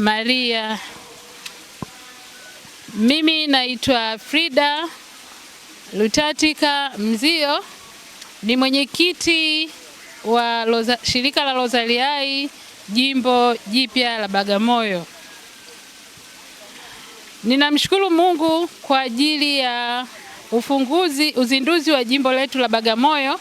Maria. Mimi naitwa Frida Lutatika Mzio, ni mwenyekiti wa Loza, shirika la Rozaliai jimbo jipya la Bagamoyo. Ninamshukuru Mungu kwa ajili ya ufunguzi uzinduzi wa jimbo letu la Bagamoyo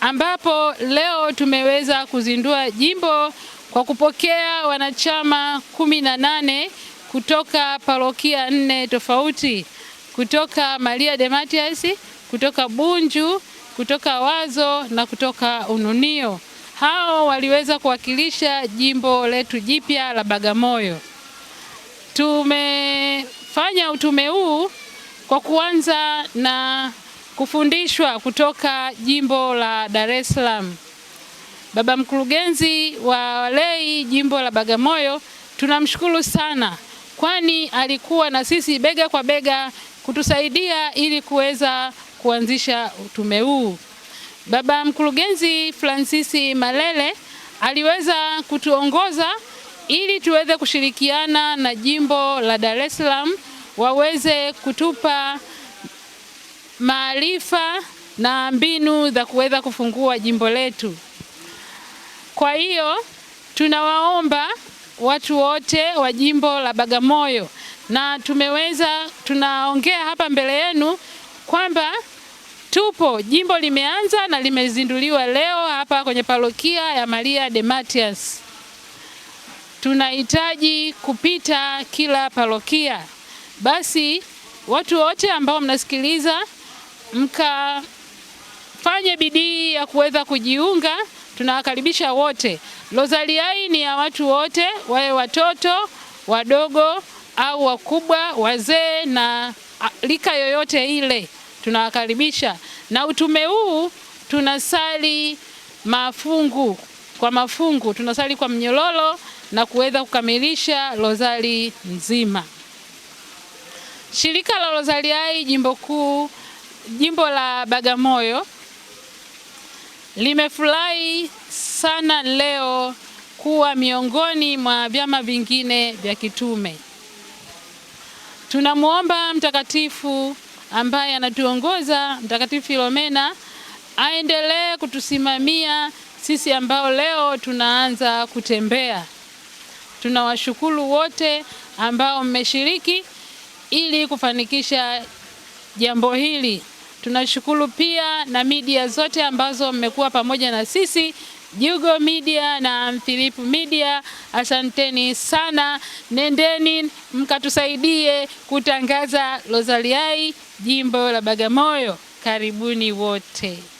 ambapo leo tumeweza kuzindua jimbo kwa kupokea wanachama kumi na nane kutoka parokia nne tofauti, kutoka Maria de Matias, kutoka Bunju, kutoka Wazo na kutoka Ununio. Hao waliweza kuwakilisha jimbo letu jipya la Bagamoyo. Tumefanya utume huu kwa kuanza na kufundishwa kutoka jimbo la Dar es Salaam. Baba mkurugenzi wa lei jimbo la Bagamoyo, tunamshukuru sana, kwani alikuwa na sisi bega kwa bega kutusaidia ili kuweza kuanzisha utume huu. Baba mkurugenzi Francis Malele aliweza kutuongoza ili tuweze kushirikiana na jimbo la Dar es Salaam waweze kutupa maarifa na mbinu za kuweza kufungua jimbo letu. Kwa hiyo tunawaomba watu wote wa jimbo la Bagamoyo, na tumeweza tunaongea hapa mbele yenu kwamba tupo jimbo limeanza na limezinduliwa leo hapa kwenye parokia ya Maria de Matias. Tunahitaji kupita kila parokia. Basi watu wote ambao mnasikiliza mka wafanye bidii ya kuweza kujiunga. Tunawakaribisha wote. Rozari Hai ni ya watu wote, wawe watoto wadogo au wakubwa, wazee na rika yoyote ile, tunawakaribisha. Na utume huu tunasali mafungu kwa mafungu, tunasali kwa mnyororo na kuweza kukamilisha rozari nzima. Shirika la Rozari Hai jimbo kuu, jimbo la Bagamoyo limefurahi sana leo kuwa miongoni mwa vyama vingine vya kitume. Tunamwomba mtakatifu ambaye anatuongoza Mtakatifu Filomena aendelee kutusimamia sisi ambao leo tunaanza kutembea. Tunawashukuru wote ambao mmeshiriki ili kufanikisha jambo hili. Tunashukuru pia na media zote ambazo mmekuwa pamoja na sisi Jugo Media na Philip Media, asanteni sana. Nendeni mkatusaidie kutangaza Rozari jimbo la Bagamoyo. Karibuni wote.